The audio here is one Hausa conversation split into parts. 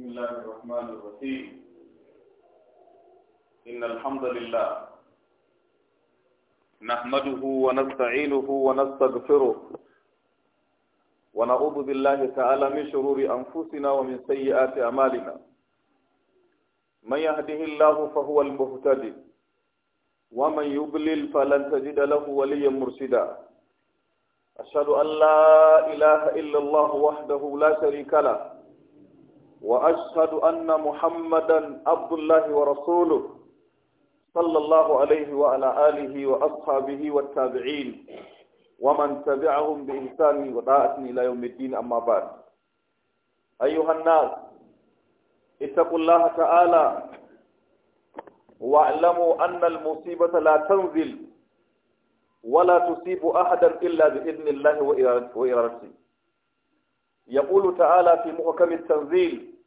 بسم الله الرحمن الرحيم إن الحمد لله نحمده ونستعينه ونستغفره ونعوذ بالله تعالى من شرور أنفسنا ومن سيئات أعمالنا من يهده الله فهو المهتدي ومن يضلل فلن تجد له وليا مرشدا أشهد أن لا إله إلا الله وحده لا شريك له وأشهد أن محمدا عبد الله ورسوله صلى الله عليه وعلى آله وأصحابه والتابعين ومن تبعهم بإحسان وطاعة إلى يوم الدين أما بعد أيها الناس اتقوا الله تعالى واعلموا أن المصيبة لا تنزل ولا تصيب أحدا إلا بإذن الله وإرادته يقول تعالى في محكم التنزيل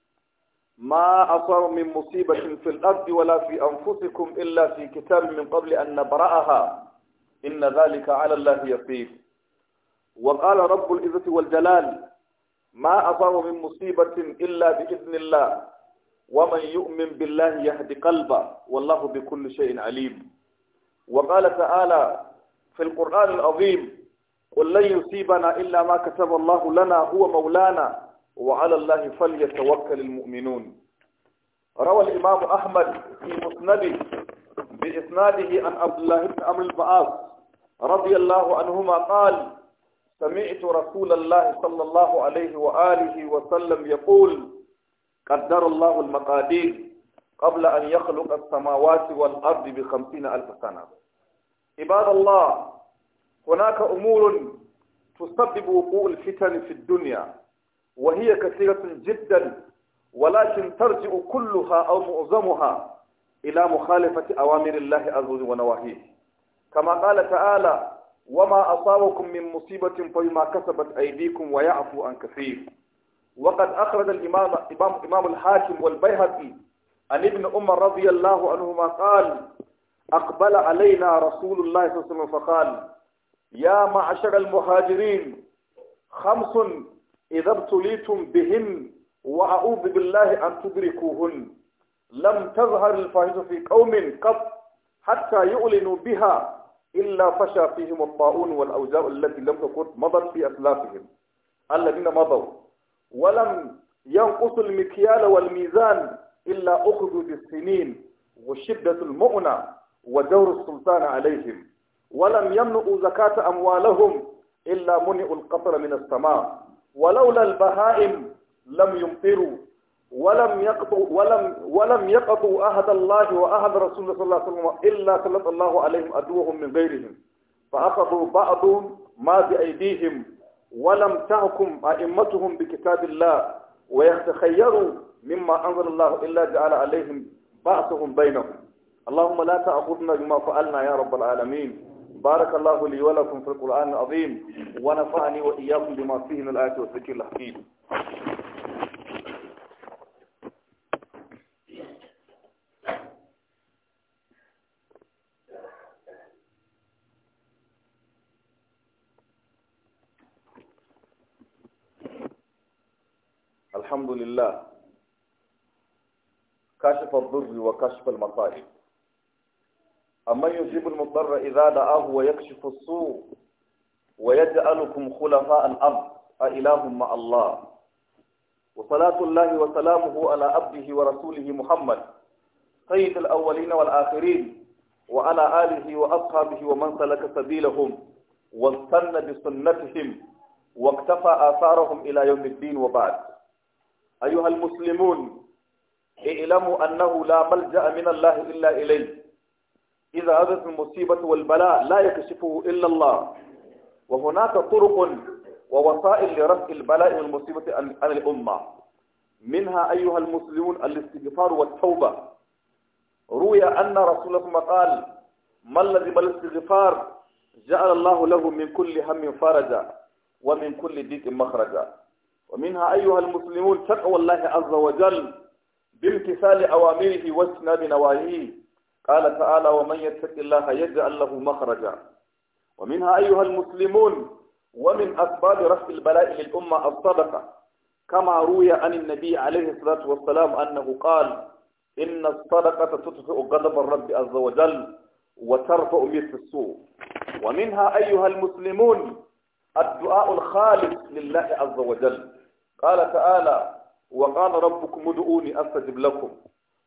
ما أصاب من مصيبة في الأرض ولا في أنفسكم إلا في كتاب من قبل أن نبرأها إن ذلك على الله يسير وقال رب العزة والجلال ما أصاب من مصيبة إلا بإذن الله ومن يؤمن بالله يهد قلبه والله بكل شيء عليم وقال تعالى في القرآن العظيم قل لن يصيبنا إلا ما كتب الله لنا هو مولانا وعلى الله فليتوكل المؤمنون روى الإمام أحمد في مسنده بإسناده عن عبد الله بن عمرو البعاث رضي الله عنهما قال سمعت رسول الله صلى الله عليه وآله وسلم يقول قدر الله المقادير قبل أن يخلق السماوات والأرض بخمسين ألف سنة عباد الله هناك أمور تسبب وقوع الفتن في الدنيا وهي كثيرة جدا ولكن ترجع كلها أو معظمها إلى مخالفة أوامر الله عز وجل ونواهيه كما قال تعالى وما أصابكم من مصيبة فبما كسبت أيديكم ويعفو عن كثير وقد أخرج الإمام إمام, إمام الحاكم والبيهقي عن ابن عمر رضي الله عنهما قال أقبل علينا رسول الله صلى الله عليه وسلم فقال يا معشر المهاجرين خمس إذا ابتليتم بهن وأعوذ بالله أن تدركوهن لم تظهر الفاحشة في قوم قط حتى يعلنوا بها إلا فشى فيهم الطاعون والأوجاء التي لم تكن مضت في أسلافهم الذين مضوا ولم ينقص المكيال والميزان إلا أخذوا بالسنين وشدة المؤنة ودور السلطان عليهم ولم يمنعوا زكاة أموالهم إلا منعوا القطر من السماء ولولا البهائم لم يمطروا ولم يقطوا ولم ولم يقطوا عهد الله وعهد رسول صلى الله عليه وسلم الا سلط الله عليهم عدوهم من غيرهم فاخذوا بعض ما بايديهم ولم تحكم ائمتهم بكتاب الله ويتخيروا مما انزل الله الا جعل عليهم بعثهم بينهم اللهم لا تاخذنا بما فعلنا يا رب العالمين بارك الله لي ولكم في القرآن العظيم ونفعني وإياكم بما فيه من الآيات والذكر الحكيم الحمد لله كشف الضر وكشف المصائب أما يجيب المضطر إذا دعاه ويكشف السوء ويجعلكم خلفاء الأرض أإله مع الله وصلاة الله وسلامه على عبده ورسوله محمد سيد الأولين والآخرين وعلى آله وأصحابه ومن سلك سبيلهم واستنى بسنتهم واقتفى آثارهم إلى يوم الدين وبعد أيها المسلمون اعلموا أنه لا ملجأ من الله إلا إليه إذا أذت المصيبة والبلاء لا يكشفه إلا الله وهناك طرق ووسائل لرفع البلاء والمصيبة عن الأمة منها أيها المسلمون الاستغفار والتوبة روي أن رسول الله قال ما الذي بالاستغفار جعل الله له من كل هم فرجا ومن كل ضيق مخرجا ومنها أيها المسلمون تقوى الله عز وجل بامتثال أوامره واجتناب نواهيه قال تعالى ومن يتق الله يجعل له مخرجا ومنها أيها المسلمون ومن أسباب رفع البلاء للأمة الصدقة كما روي عن النبي عليه الصلاة والسلام أنه قال إن الصدقة تطفئ غضب الرب عز وجل وترفع مثل السوء ومنها أيها المسلمون الدعاء الخالص لله عز وجل قال تعالى وقال ربكم ادعوني أستجب لكم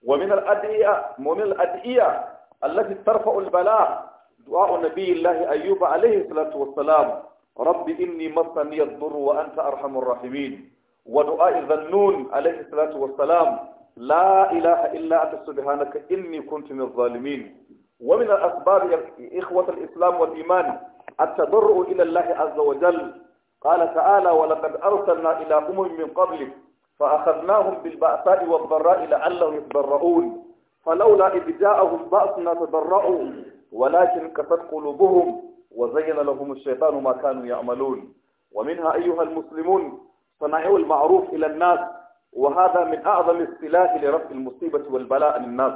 ومن الأدعية ومن الأدعية التي ترفع البلاء دعاء نبي الله أيوب عليه الصلاة والسلام رب إني مسني الضر وأنت أرحم الراحمين ودعاء ذنون عليه الصلاة والسلام لا إله إلا أنت سبحانك إني كنت من الظالمين ومن الأسباب إخوة الإسلام والإيمان التضرع إلى الله عز وجل قال تعالى ولقد أرسلنا إلى أمم من قبلك فأخذناهم بالبأساء والضراء لعلهم يتضرؤون فلولا إذ جاءهم بأسنا تضرؤوا ولكن كفت قلوبهم وزين لهم الشيطان ما كانوا يعملون ومنها أيها المسلمون صنعوا المعروف إلى الناس وهذا من أعظم السلاح لرفع المصيبة والبلاء للناس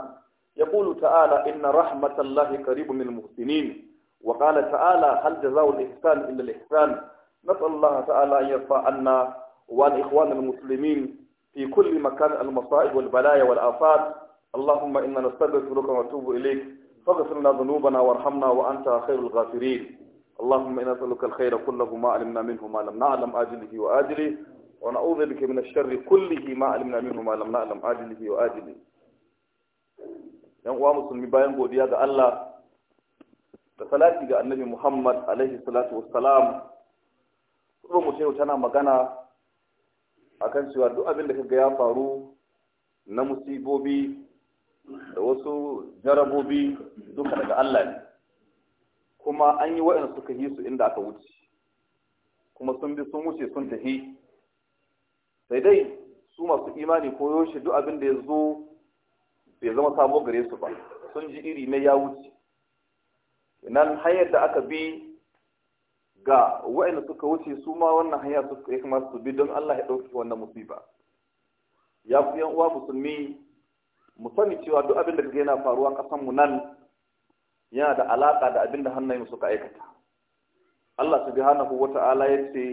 يقول تعالى إن رحمة الله قريب من المحسنين وقال تعالى هل جزاء الإحسان إلا الإحسان نسأل الله تعالى أن يرفع عنا وعن إخوان المسلمين في كل مكان المصائب والبلايا والآفات اللهم إنا نستغفرك ونتوب إليك فاغفر لنا ذنوبنا وارحمنا وأنت خير الغافرين اللهم إنا نسألك الخير كله ما علمنا منه ما لم نعلم آجله وآجله ونعوذ بك من الشر كله ما علمنا منه ما لم نعلم آجله وآجله yan uwa musulmi bayan godiya ga Allah da salati ga annabi Muhammad alaihi salatu wassalam kuma mu tana magana akan cewa duk abin da kaga ya faru na musibobi da wasu jarabobi duka daga Allah ne kuma an yi wa'in suka yi su inda aka wuce kuma sun bi sun wuce sun tafi sai dai su masu imani ko duk abin da ya zo bai zama sabo gare su ba sun ji iri na ya wuce nan hanyar da aka bi ga waina suka wuce su ma wannan hanya suka ya kamata su bi don Allah ya ɗauki wannan musiba ya ku yan uwa musulmi mu sani cewa duk abin da kaga yana faruwa kasan mu nan yana da alaƙa da abin da hannayen suka aikata Allah subhanahu wata'ala ya ce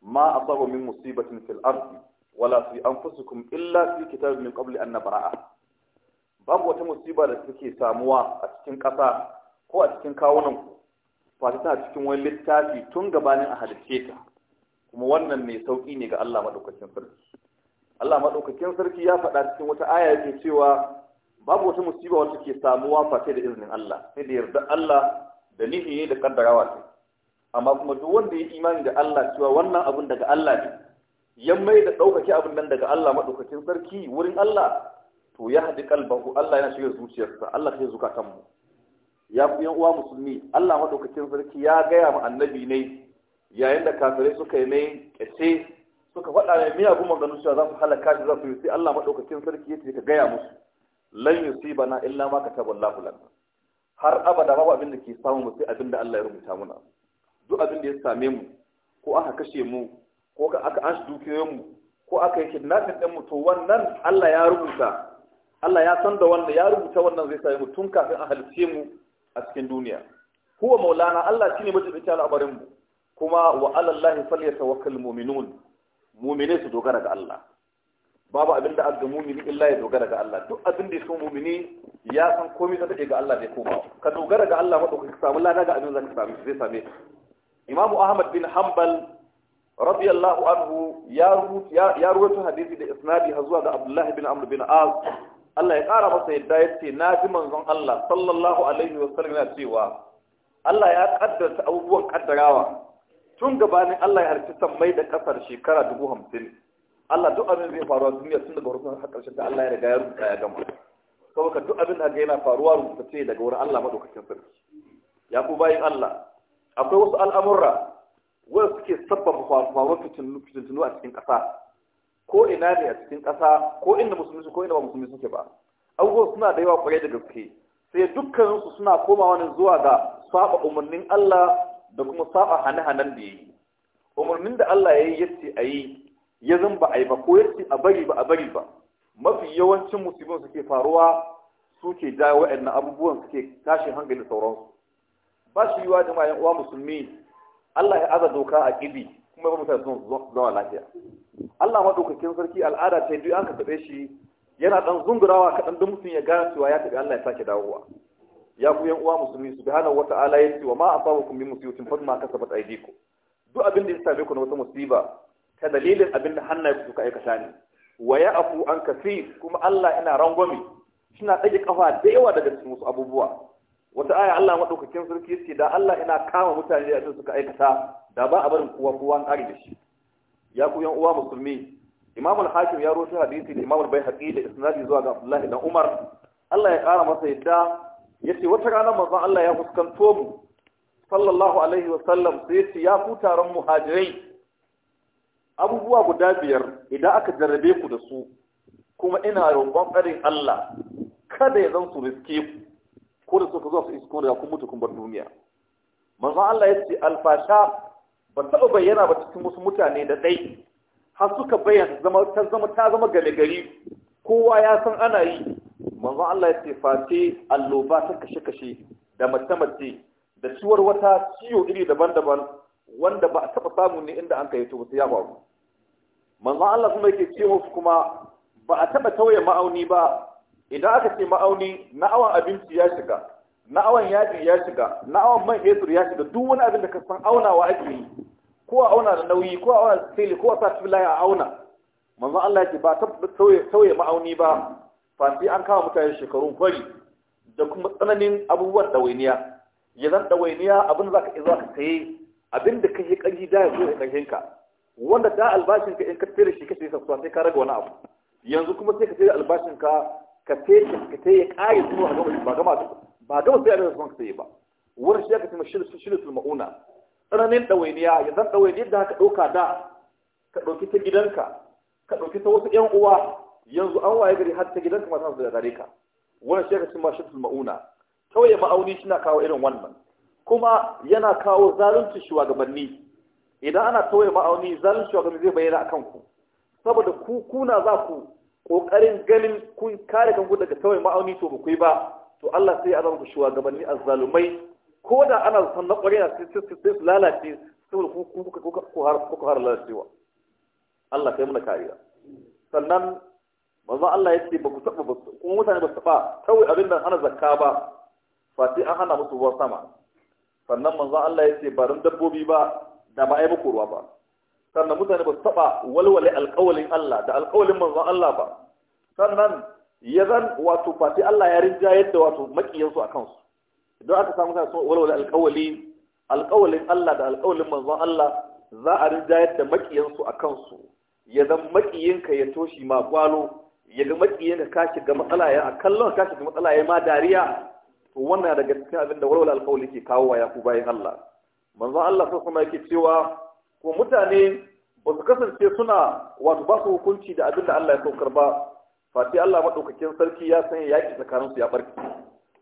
ma asabu min musibatin fil ardi wala fi anfusikum illa fi kitabin min qabli an nabra'a babu wata musiba da take samuwa a cikin ƙasa ko a cikin kawunan kwata tana cikin wani littafi tun gabanin a halicce ta kuma wannan mai sauƙi ne ga Allah maɗaukakin sarki Allah maɗaukakin sarki ya faɗa cikin wata aya yake cewa babu wata musiba wacce ke samuwa face da izinin Allah sai da yarda Allah da nihi da kaddarawa ce amma kuma duk wanda ya imani da Allah cewa wannan abun daga Allah ne ya mai da ɗaukake abin nan daga Allah maɗaukakin sarki wurin Allah to ya haɗi kalbahu Allah yana shiga zuciyarsa Allah sai yi zukatan mu ya fi yan uwa musulmi Allah madaukakin sarki ya gaya mu annabi ne yayin da kafirai suka yi mai kace suka faɗa mai miyagun maganin cewa za su halaka shi za su yi sai Allah madaukakin sarki ya ce ka gaya musu lan yusibana illa ma Allahu lana har abada babu abin da ke samu mu sai abin da Allah ya rubuta muna duk abin da ya same mu ko aka kashe mu ko aka shi dukiyoyin mu ko aka yi kidnapping din mu to wannan Allah ya rubuta Allah ya san da wanda ya rubuta wannan zai same mu tun kafin a halice mu a cikin duniya huwa maulana Allah shine majibici al'amarin mu kuma wa alallahi falyatawakkal mu'minun mu'mine su dogara ga Allah babu abinda azga mu'mini illa ya dogara ga Allah duk abin da ya so mu'mini ya san komai da take ga Allah zai koma ka dogara ga Allah ka samu lada ga abin zaka samu zai same Imam Ahmad bin Hanbal radiyallahu anhu ya rubuta ya rubuta hadisi da isnadi har zuwa ga Abdullah bin Amr bin Az Allah ya ƙara masa yadda ya ce na ji manzon Allah sallallahu alaihi wa sallam yana cewa Allah ya ƙaddarta abubuwan ƙaddarawa tun gabanin Allah ya harci sammai da ƙasar shekara dubu hamsin Allah duk abin zai faruwa duniya tun daga wurin har ƙarshen da Allah ya riga ya rubuta ya gama Sabu-ka duk abin da yana faruwa ce daga wurin Allah madaukakin sarki ya ku bayin Allah akwai wasu al'amurra wanda suke sabbaba faruwar fitintunu a cikin ƙasa ko ina ne a cikin ƙasa ko inda musulmi su ko inda ba musulmi suke ba abubuwan suna da yawa kwarai da gaske sai dukkaninsu suna komawa ne zuwa ga saba umarnin Allah da kuma saba hane-hanen da ya yi umarnin da Allah ya yi ya ce a yi ya zan ba a yi ba ko ya ce a bari ba a bari ba mafi yawancin musulmi suke faruwa suke jawo waɗannan abubuwan suke tashin hankali sauransu ba shi yiwa yan uwa musulmi Allah ya aza doka a ƙibi kuma ba mutane sun zama lafiya Allah madaukakin sarki al'ada ce duk an ka taɓe shi yana ɗan zungurawa kaɗan don mutum ya gane cewa ya tafi Allah ya sake dawowa ya ku yan uwa musulmi su wata ala ya ce wa ma hukun min musibatin fa ma kasabat aydikum duk abin da ya same ku na wata musiba ta dalilin abin da hannaye ku suka aikata ne wa ku an kasi kuma Allah ina rangwame suna ɗage ƙafa da yawa daga cikin wasu abubuwa wata aya Allah maɗaukakin sarki ce da Allah ina kama mutane da suka aikata da ba a barin kowa kowa an da shi ya ku yan uwa musulmi Imam al-Hakim ya rusa hadisi da Imam al-Baihaqi da isnadi zuwa ga Abdullah ibn Umar Allah ya kara masa yadda yace wata rana manzon Allah ya fuskanto mu sallallahu alaihi wa sallam sai yace ya ku taron muhajirai abubuwa guda biyar idan aka jarrabe ku da su kuma ina roƙon ƙarin Allah kada ya zan su riske ku ko da suka zo su isko da kun mutu kun bar duniya manzo Allah ya ce alfasha ba taɓa bayyana ba cikin wasu mutane da dai har suka bayyana zama ta zama ta zama gare gari kowa ya san ana yi manzo Allah ya ce face alloba ta kashe kashe da mace da ciwar wata ciwo iri daban-daban wanda ba a taɓa samu ne inda an kai to ba ya faru manzo Allah kuma yake ce musu kuma ba a taɓa tauye ma'auni ba idan aka ce ma'auni na awon abinci ya shiga na awon yaji ya shiga na awon man fetur ya shiga duk wani abin da ka san aunawa ake yi ko a auna da nauyi ko a auna da sili ko a sa cikin a auna manzon Allah ya ce ba ta sauye ma'auni ba sai an kama mutane shekarun fari da kuma tsananin abubuwan dawainiya. ya zan ɗawainiya abin za ka za ka saye abin da ka yi ƙarfi da ya zo ya ƙarfin ka wanda da albashin ka in ka tsere shi ka sai sai ka rage wani abu yanzu kuma sai ka tsere albashin ka ka sai ka sai ya kare kuma a gama ba gama ba gama sai a rasa ka sai ba Wani shi ka tuma shirin ma'una tsananin ɗawainiya ya zan ɗawaini yadda ka ɗauka da ka ɗauki ta gidanka ka ɗauki ta wasu ƴan uwa yanzu an waye gari har ta gidanka masu da gare ka wannan shi ka tuma shirin ma'una tauye ma'auni suna kawo irin wannan kuma yana kawo zalunci shugabanni idan ana tauye ma'auni zalunci shugabanni zai bayyana akan ku saboda ku kuna za ku Ƙoƙarin ganin kun kare kanku daga sauyin ma'auni to ba ku ba to Allah sai ya zama ku shugabanni azzalumai ko da ana son na kwarai sai sai su lalace saboda ku har lalacewa Allah kai mana kariya sannan manzo Allah ya ce ba ku saba ba kuma mutane ba su saba kawai abin da hana zakka ba fati an hana musu ruwan sama sannan manzo Allah ya ce ba don dabbobi ba da ba ai muku ruwa ba sannan mutane ba su taɓa walwale alƙawalin Allah da alƙawalin manzon Allah ba sannan ya zan wato fati Allah ya rinjayar da wato makiyansu a kansu idan aka samu sai walwale alƙawali alƙawalin Allah da alƙawalin manzon Allah za a rinjayar da makiyansu a kansu ya zan makiyinka ya toshi ma gwalo ya ga makiyinka ka shiga matsala ya a kallon ka shiga matsala ya ma dariya to wannan daga cikin abin da walwale alƙawali ke kawo wa yaku bayan Allah manzo Allah sai kuma yake cewa ko mutane ba su kasance suna wato ba su hukunci da abin da Allah ya saukar ba fati Allah maɗaukakin sarki ya sanya yaƙi tsakaninsu ya barki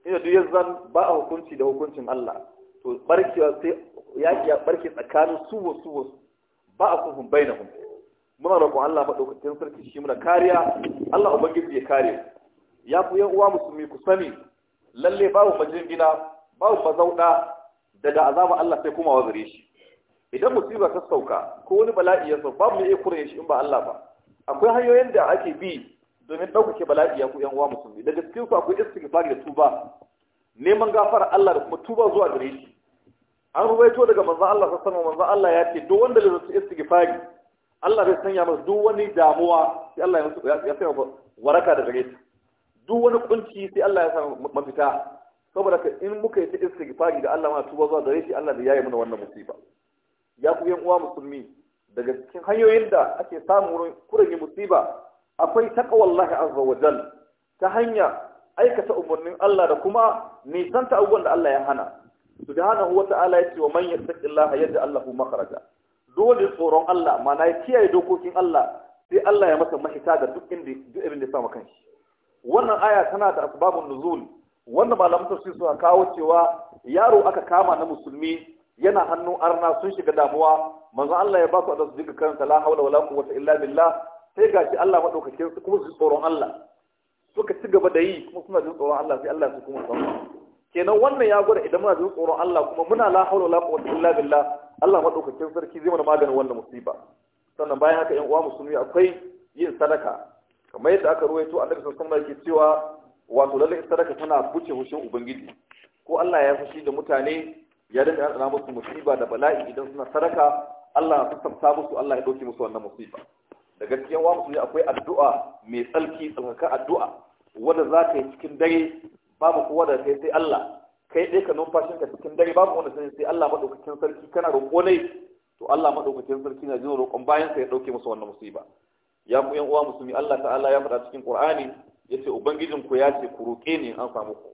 inda duk yanzu ba a hukunci da hukuncin Allah to barkewa sai yaƙi ya barke tsakanin su wasu wasu ba a kufin bayyana hun muna roƙon Allah maɗaukakin sarki shi muna kariya Allah ubangiji ya kare ya ku yan uwa musulmi ku sani lalle babu majingina babu mazauɗa daga azaba Allah sai kuma wazare shi idan musiba ta sauka ko wani bala'i ya sauka babu mai kure shi in ba Allah ba akwai hanyoyin da ake bi domin ɗaukake bala'i ya ku yan uwa musulmi daga cikin su akwai istighfar da tuba neman gafara Allah da kuma tuba zuwa gare shi an rubaito daga manzon Allah sallallahu alaihi wasallam manzon Allah ya ce duk wanda zai istighfari Allah zai sanya masa duk wani damuwa sai Allah ya masa ya sanya waraka da gare shi. duk wani kunci sai Allah ya sa mafita saboda in muka yi ta istighfari da Allah ma tuba zuwa gare shi Allah zai yaye mana wannan musiba ya ku yan uwa musulmi daga cikin hanyoyin da ake samun wurin kurege musiba akwai taqwallahi azza wa jal ta hanya aikata umarnin Allah da kuma nisanta abubuwan da Allah ya hana subhanahu wa ta'ala yace wa man yattaqillaha yaj'al lahu makhraja dole tsoron Allah mana ya kiyaye dokokin Allah sai Allah ya masa mahita ga duk inda duk abin da ya samu kanshi wannan aya tana da asbabun nuzul wannan malamin tafsir suka kawo cewa yaro aka kama na musulmi yana hannu arna sun shiga damuwa manzo Allah ya ba su da su kan karanta haula wala quwwata illa billah sai gashi Allah madaukakin su kuma su tsoron Allah suka ci gaba da yi kuma suna jin tsoron Allah sai Allah su kuma tsoron kenan wannan ya gwada idan muna jin tsoron Allah kuma muna la haula wala quwwata illa billah Allah madaukakin sarki zai mana maganin wannan musiba sannan bayan haka ƴan uwa musulmi akwai yin sadaka kamar yadda aka ruwaito annabi sallallahu alaihi wasallam yake cewa wato lalle sadaka tana buce hushin ubangiji ko Allah ya fushi da mutane ya dinga yana musu musiba da bala'i idan suna sadaka Allah na sassanta musu Allah ya dauke musu wannan musiba da gaskiya wa musu akwai addu'a mai tsalki tsarkaka addu'a wanda za ka yi cikin dare babu kowa da kai sai Allah kai dai ka numfashin ka cikin dare babu wanda sai sai Allah madaukakin sarki kana roƙo ne to Allah madaukakin sarki na jin roƙon bayan ka ya ɗauke musu wannan musiba ya ku yan uwa musulmi Allah ta'ala ya faɗa cikin Qur'ani yace ku ya ce ku roƙe ni an samu ku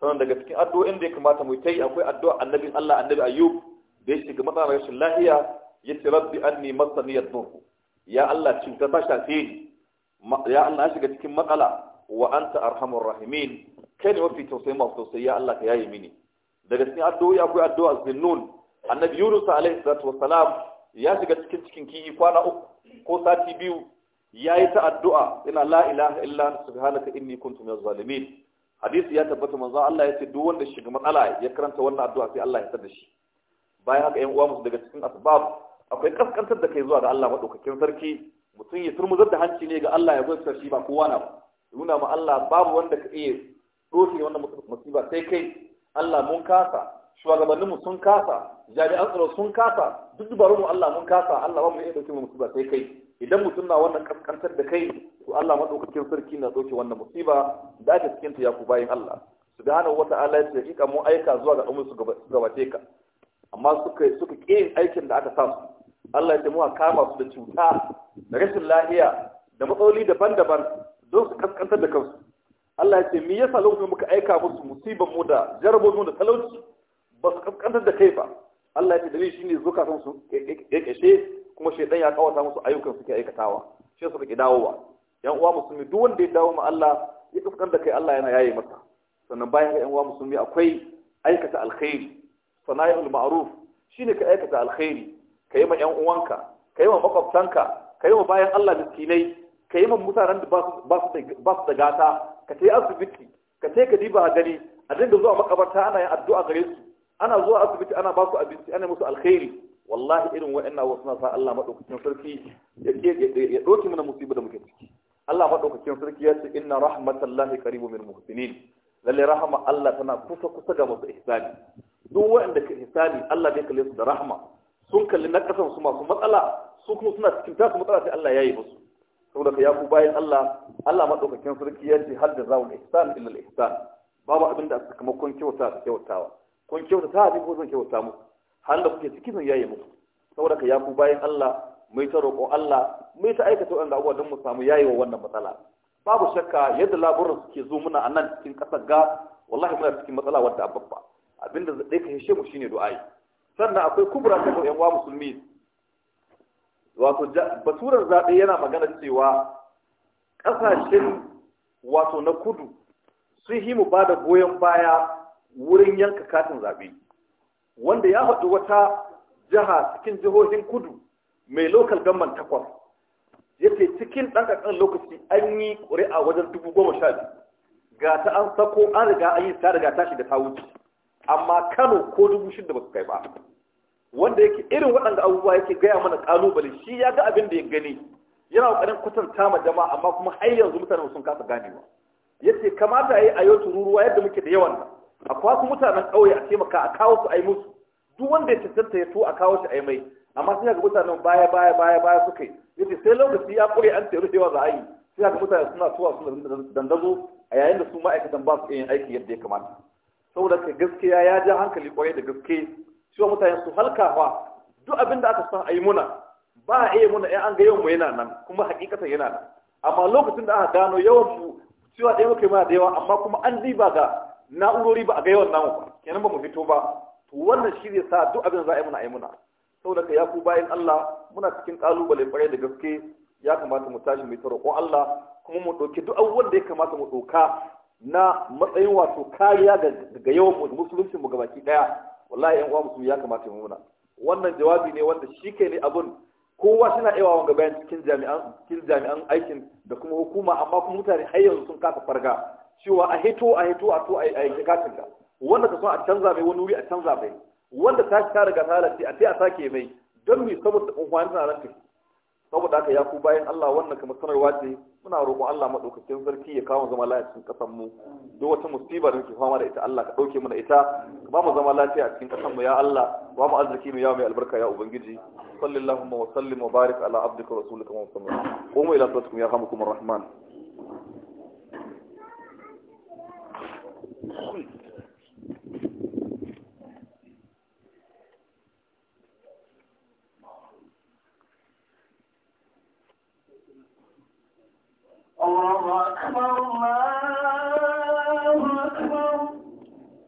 sannan daga cikin addu'o'in da ya kamata mu yi akwai addu'a annabi Allah annabi ayyub da ya shiga matsala rashin lahiya ya ce rabbi anni niyyar yadnur ya Allah cuta ta shafe ni ya Allah shiga cikin matsala wa anta arhamur rahimin kai ne mafi tausayi masu tausayi ya Allah ka yaye mini daga cikin addu'o'i akwai addu'a zinnun annabi yunus alaihi salatu wassalam ya shiga cikin cikin kiyi kwana uku ko sati biyu yayi ta addu'a ina la ilaha illa anta subhanaka inni kuntu minaz zalimin hadisi ya tabbata manzo Allah ya ce duk wanda shiga matsala ya karanta wannan addu'a sai Allah ya tsada shi bayan haka ƴan uwa musu daga cikin asbab akwai kaskantar da kai zuwa ga Allah madaukakin sarki mutum ya turmuzar da hanci ne ga Allah ya gwada shi ba kowa na nuna ma Allah babu wanda ka iya doke wannan musiba sai kai Allah mun kasa shugabanninmu sun kasa jami'an tsaro sun kasa duk mu Allah mun kasa Allah ba mu iya dauke mu musiba sai kai idan mutum na wannan kaskantar da kai to Allah madaukakin sarki na dauke wannan musiba da ake cikin ta yaku bayin Allah subhanahu wata'ala ya ce ka mu aika zuwa ga ummu su gabace ka amma suka suka kiyin aikin da aka samu Allah ya ce mu kama su da cuta da rashin lafiya da matsaloli daban-daban don su kaskantar da kansu Allah ya ce me yasa lokacin muka aika musu musibar mu da mu da talauci ba su kaskantar da kai ba Allah ya ce dalili shine zukatan su ya kashe kuma shaidan ya kawata musu ayyukan suke aikatawa shi su rike dawowa yan uwa musulmi duk wanda ya dawo ma Allah ya kaskar da kai Allah yana yaye masa sannan bayan yan uwa musulmi akwai aikata alkhairi sana'il ma'ruf shine ka aikata alkhairi kai ma yan uwanka kai ma makwabtanka kai ma bayan Allah miskinai kai ma mutanen da ba su da gata ka tai asibiti ka tai ka diba gari. a dinga zuwa makabarta ana yin addu'a gare su ana zuwa asibiti ana ba su abinci ana musu alkhairi wallahi irin waɗannan wasu na sa Allah maɗaukakin sarki ya ɗauki mana musibar da muke ciki Allah maɗaukakin sarki ya ce inna rahmatallahi qaribu min muhsinin lalle rahama Allah tana kusa kusa ga masu ihsani duk waɗanda ke ihsani Allah zai kalle su da rahama sun kalli na ƙasan su masu matsala su kuma suna cikin tasu matsala sai Allah ya yi musu saboda ka yaku bayan Allah Allah maɗaukakin sarki ya ce hal da jazaa'ul ihsan illa al ihsan babu abin da sakamakon kyauta kyautawa kun kyautata abin ko zan kyauta muku hanga kuke ciki zan yaye muku saboda ka yaku bayan Allah mai ta roƙo Allah mai ta aikata wannan abubuwa don mu samu yayewa wannan matsala babu shakka yadda laburan suke zo muna a nan cikin ƙasar ga wallahi muna cikin matsala wadda babba abinda zai ka hishe mu shine du'ai sannan akwai kubra ta yan wa musulmi wato basurar zaɓe yana magana cewa ƙasashen wato na kudu sun yi mu ba da goyon baya wurin yanka katin zaɓe wanda ya haɗu wata jiha cikin jihohin kudu mai lokal gamman takwas ya ce cikin ɗan lokaci an yi ƙuri'a wajen dubu goma sha biyu ga ta an sako an riga an yi ta riga tashi da ta wuce amma kano ko dubu ba su kai ba wanda yake irin waɗanda abubuwa yake gaya mana ƙalubale shi ya ga abin da ya gani yana ƙoƙarin kwatanta ma jama'a amma kuma har yanzu mutane sun kasa ganewa ya ce kamata a yi a yau tururuwa yadda muke da yawan nan a kwasu mutanen ƙauye a taimaka a kawo su a yi musu duk wanda ya cancanta ya so a kawo shi a yi mai amma sai ga mutanen baya baya baya baya suka yi yace sai lokaci ya kure an tayi rushewa za a yi sai ga mutane suna tuwa suna dandazo a yayin da su ma'aikatan ba su yin aiki yadda ya kamata saboda ka gaskiya ya ja hankali kwarai da gaske cewa mutane su halkawa duk abin da aka san a yi muna ba a iya muna yan an ga yawan mu yana nan kuma hakikata yana nan amma lokacin da aka gano yawan mu cewa ɗaya muka yi mana da yawa amma kuma an ba ga na'urori ba a ga yawan namu ba kenan ba mu fito ba wannan shi zai sa duk abin za a yi muna a yi muna saboda ka ya bayan Allah muna cikin kalubale kwarai da gaske ya kamata mu tashi mai ko Allah kuma mu ɗauki duk abubuwan da ya kamata mu ɗauka na matsayin wato kariya ga yawan musulunci mu gabaki daya wallahi yan uwa musulmi ya kamata mu muna wannan jawabi ne wanda shi kai ne abun kowa suna yawa wanga bayan cikin jami'an cikin jami'an aikin da kuma hukuma amma kuma mutane har yanzu sun kasa farga cewa a hito a hito a to a yi katin ka wanda ka so a canza mai wani wuri a canza mai wanda ta ta riga ta lalace a sai a sake mai don mi saboda unhwani na ranka saboda haka ya ku bayan Allah wannan kamar sanarwa ce muna roƙon Allah madaukakin sarki ya kawo zama lafiya cikin kasan mu duk wata musiba da muke fama da ita Allah ka dauke mana ita ka ba mu zama lafiya a cikin kasan mu ya Allah ba mu arziki mu ya mai albarka ya ubangiji sallallahu wa sallim wa barik ala abdika rasulika muhammad qumu ila salatikum yarhamukumur rahman Thank you. الله أكبر الله